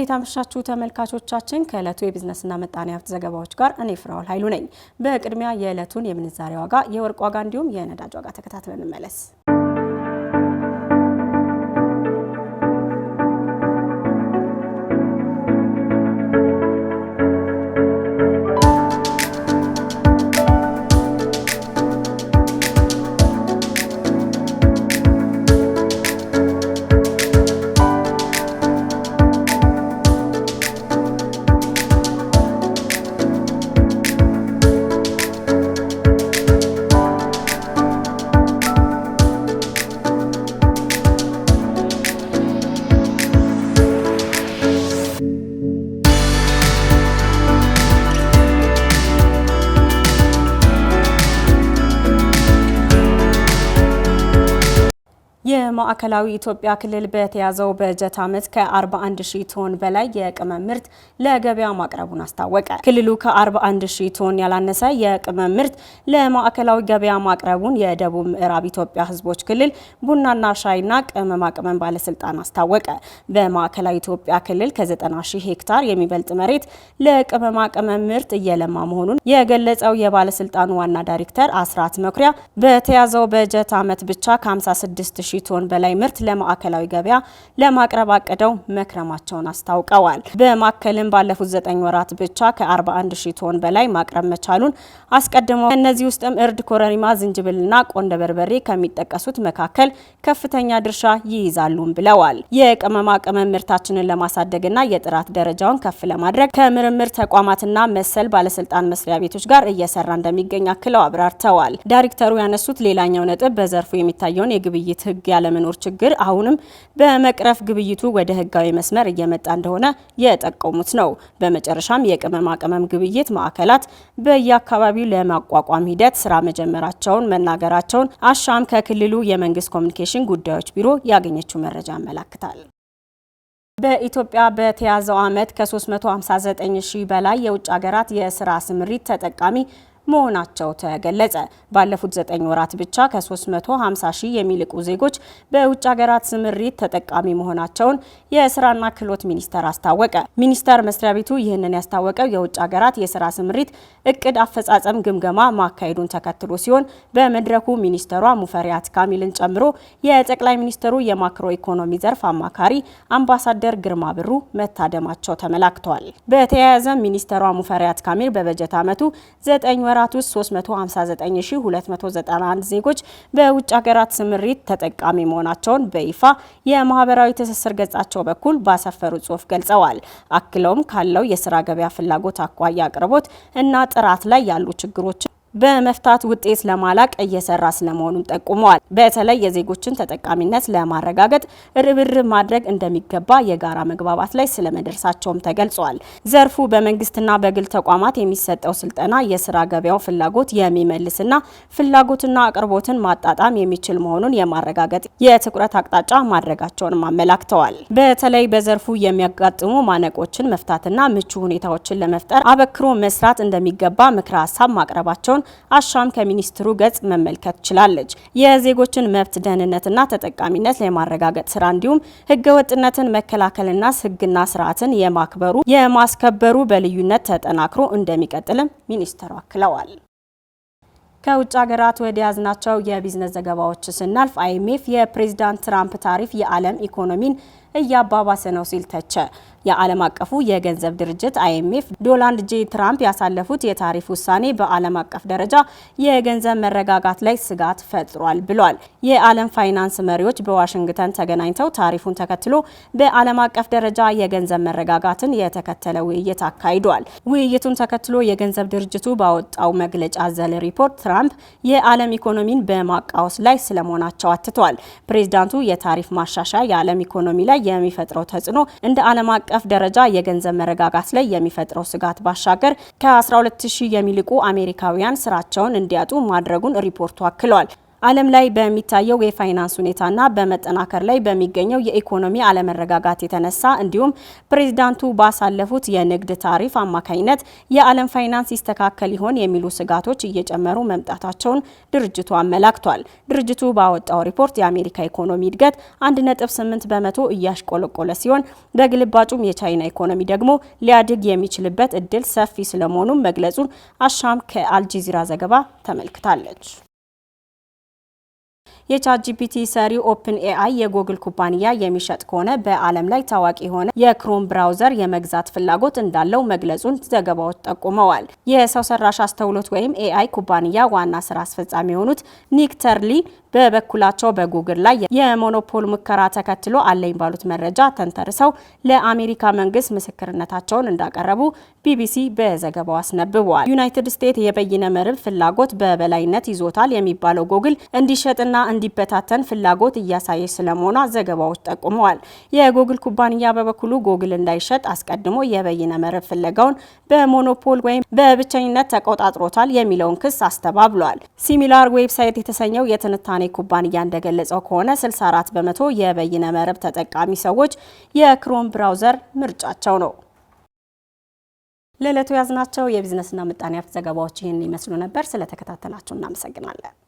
እንዴት አመሻችሁ ተመልካቾቻችን። ከእለቱ የቢዝነስና ምጣኔ ሀብት ዘገባዎች ጋር እኔ ፍራውል ኃይሉ ነኝ። በቅድሚያ የዕለቱን የምንዛሬ ዋጋ፣ የወርቅ ዋጋ እንዲሁም የነዳጅ ዋጋ ተከታትለን እንመለስ። የማዕከላዊ ኢትዮጵያ ክልል በተያዘው በጀት ዓመት ከ41 ሺህ ቶን በላይ የቅመም ምርት ለገበያ ማቅረቡን አስታወቀ። ክልሉ ከ41 ሺህ ቶን ያላነሰ የቅመም ምርት ለማዕከላዊ ገበያ ማቅረቡን የደቡብ ምዕራብ ኢትዮጵያ ሕዝቦች ክልል ቡናና ሻይና ቅመማ ቅመም ባለስልጣን አስታወቀ። በማዕከላዊ ኢትዮጵያ ክልል ከ90 ሺህ ሄክታር የሚበልጥ መሬት ለቅመማ ቅመም ምርት እየለማ መሆኑን የገለጸው የባለስልጣኑ ዋና ዳይሬክተር አስራት መኩሪያ በተያዘው በጀት ዓመት ብቻ ከ56 ሺህ ቶን በላይ ምርት ለማዕከላዊ ገበያ ለማቅረብ አቅደው መክረማቸውን አስታውቀዋል። በማዕከልም ባለፉት ዘጠኝ ወራት ብቻ ከ41 ሺህ ቶን በላይ ማቅረብ መቻሉን አስቀድመው ከእነዚህ ውስጥም እርድ፣ ኮረሪማ፣ ዝንጅብልና ቆንደ በርበሬ ከሚጠቀሱት መካከል ከፍተኛ ድርሻ ይይዛሉም ብለዋል። የቅመማ ቅመም ምርታችንን ለማሳደግና የጥራት ደረጃውን ከፍ ለማድረግ ከምርምር ተቋማትና መሰል ባለስልጣን መስሪያ ቤቶች ጋር እየሰራ እንደሚገኝ አክለው አብራርተዋል። ዳይሬክተሩ ያነሱት ሌላኛው ነጥብ በዘርፉ የሚታየውን የግብይት ህግ ያለመኖር ችግር አሁንም በመቅረፍ ግብይቱ ወደ ህጋዊ መስመር እየመጣ እንደሆነ የጠቆሙት ነው። በመጨረሻም የቅመማ ቅመም ግብይት ማዕከላት በየአካባቢው ለማቋቋም ሂደት ስራ መጀመራቸውን መናገራቸውን አሻም ከክልሉ የመንግስት ኮሚኒኬሽን ጉዳዮች ቢሮ ያገኘችው መረጃ ያመላክታል። በኢትዮጵያ በተያዘው ዓመት ከ359 ሺህ በላይ የውጭ ሀገራት የስራ ስምሪት ተጠቃሚ መሆናቸው ተገለጸ። ባለፉት ዘጠኝ ወራት ብቻ ከ350 ሺህ የሚልቁ ዜጎች በውጭ ሀገራት ስምሪት ተጠቃሚ መሆናቸውን የስራና ክህሎት ሚኒስቴር አስታወቀ። ሚኒስቴር መስሪያ ቤቱ ይህንን ያስታወቀው የውጭ ሀገራት የስራ ስምሪት እቅድ አፈጻጸም ግምገማ ማካሄዱን ተከትሎ ሲሆን በመድረኩ ሚኒስተሯ ሙፈሪያት ካሚልን ጨምሮ የጠቅላይ ሚኒስትሩ የማክሮ ኢኮኖሚ ዘርፍ አማካሪ አምባሳደር ግርማ ብሩ መታደማቸው ተመላክተዋል። በተያያዘ ሚኒስተሯ ሙፈሪያት ካሚል በበጀት ዓመቱ ዘጠኝ ወራት ሀገራት ውስጥ 359291 ዜጎች በውጭ ሀገራት ስምሪት ተጠቃሚ መሆናቸውን በይፋ የማህበራዊ ትስስር ገጻቸው በኩል ባሰፈሩ ጽሁፍ ገልጸዋል። አክለውም ካለው የስራ ገበያ ፍላጎት አኳያ አቅርቦት እና ጥራት ላይ ያሉ ችግሮችን በመፍታት ውጤት ለማላቅ እየሰራ ስለመሆኑን ጠቁመዋል። በተለይ የዜጎችን ተጠቃሚነት ለማረጋገጥ ርብርብ ማድረግ እንደሚገባ የጋራ መግባባት ላይ ስለመደረሳቸውም ተገልጿል። ዘርፉ በመንግስትና በግል ተቋማት የሚሰጠው ስልጠና የስራ ገበያው ፍላጎት የሚመልስና ፍላጎትና አቅርቦትን ማጣጣም የሚችል መሆኑን የማረጋገጥ የትኩረት አቅጣጫ ማድረጋቸውንም አመላክተዋል። በተለይ በዘርፉ የሚያጋጥሙ ማነቆችን መፍታትና ምቹ ሁኔታዎችን ለመፍጠር አበክሮ መስራት እንደሚገባ ምክረ ሀሳብ ማቅረባቸውን መሆናቸውን አሻም ከሚኒስትሩ ገጽ መመልከት ችላለች። የዜጎችን መብት ደህንነትና ተጠቃሚነት ለማረጋገጥ ስራ እንዲሁም ወጥነትን መከላከልና ህግና ስርዓትን የማክበሩ የማስከበሩ በልዩነት ተጠናክሮ እንደሚቀጥልም ሚኒስትሩ አክለዋል። ከውጭ ሀገራት ወደ ያዝናቸው የቢዝነስ ዘገባዎች ስናልፍ አይኤምኤፍ የፕሬዚዳንት ትራምፕ ታሪፍ የዓለም ኢኮኖሚን እያባባሰ ነው ሲል ተቸ። የዓለም አቀፉ የገንዘብ ድርጅት አይኤምኤፍ ዶናልድ ጄ ትራምፕ ያሳለፉት የታሪፍ ውሳኔ በዓለም አቀፍ ደረጃ የገንዘብ መረጋጋት ላይ ስጋት ፈጥሯል ብሏል። የዓለም ፋይናንስ መሪዎች በዋሽንግተን ተገናኝተው ታሪፉን ተከትሎ በዓለም አቀፍ ደረጃ የገንዘብ መረጋጋትን የተከተለ ውይይት አካሂዷል። ውይይቱን ተከትሎ የገንዘብ ድርጅቱ ባወጣው መግለጫ ዘለ ሪፖርት ትራምፕ የዓለም ኢኮኖሚን በማቃወስ ላይ ስለመሆናቸው አትቷል። ፕሬዚዳንቱ የታሪፍ ማሻሻያ የዓለም ኢኮኖሚ ላይ የሚፈጥረው ተጽዕኖ እንደ ዓለም አቀፍ ደረጃ የገንዘብ መረጋጋት ላይ የሚፈጥረው ስጋት ባሻገር ከ12000 የሚልቁ አሜሪካውያን ስራቸውን እንዲያጡ ማድረጉን ሪፖርቱ አክሏል። ዓለም ላይ በሚታየው የፋይናንስ ሁኔታና በመጠናከር ላይ በሚገኘው የኢኮኖሚ አለመረጋጋት የተነሳ እንዲሁም ፕሬዚዳንቱ ባሳለፉት የንግድ ታሪፍ አማካኝነት የዓለም ፋይናንስ ይስተካከል ይሆን የሚሉ ስጋቶች እየጨመሩ መምጣታቸውን ድርጅቱ አመላክቷል። ድርጅቱ ባወጣው ሪፖርት የአሜሪካ ኢኮኖሚ እድገት 1.8 በመቶ እያሽቆለቆለ ሲሆን በግልባጩም የቻይና ኢኮኖሚ ደግሞ ሊያድግ የሚችልበት እድል ሰፊ ስለመሆኑም መግለጹን አሻም ከአልጀዚራ ዘገባ ተመልክታለች። ጂፒቲ ሰሪ ኦፕን ኤአይ የጉግል ኩባንያ የሚሸጥ ከሆነ በዓለም ላይ ታዋቂ የሆነ የክሮም ብራውዘር የመግዛት ፍላጎት እንዳለው መግለጹን ዘገባዎች ጠቁመዋል። የሰው ሰራሽ አስተውሎት ወይም ኤአይ ኩባንያ ዋና ስራ አስፈጻሚ የሆኑት ኒክ ተርሊ በበኩላቸው በጉግል ላይ የሞኖፖል ሙከራ ተከትሎ አለኝ ባሉት መረጃ ተንተርሰው ለአሜሪካ መንግስት ምስክርነታቸውን እንዳቀረቡ ቢቢሲ በዘገባው አስነብቧል። ዩናይትድ ስቴትስ የበይነ መረብ ፍላጎት በበላይነት ይዞታል የሚባለው ጉግል እንዲሸጥና እንዲበታተን ፍላጎት እያሳየች ስለመሆኗ ዘገባዎች ጠቁመዋል። የጎግል ኩባንያ በበኩሉ ጎግል እንዳይሸጥ አስቀድሞ የበይነ መረብ ፍለጋውን በሞኖፖል ወይም በብቸኝነት ተቆጣጥሮታል የሚለውን ክስ አስተባብሏል። ሲሚላር ዌብሳይት የተሰኘው የትንታኔ ኩባንያ እንደገለጸው ከሆነ 64 በመቶ የበይነ መረብ ተጠቃሚ ሰዎች የክሮም ብራውዘር ምርጫቸው ነው። ለዕለቱ ያዝናቸው የቢዝነስና ምጣኔ ሀብት ዘገባዎች ይህን ይመስሉ ነበር። ስለተከታተላችሁ እናመሰግናለን።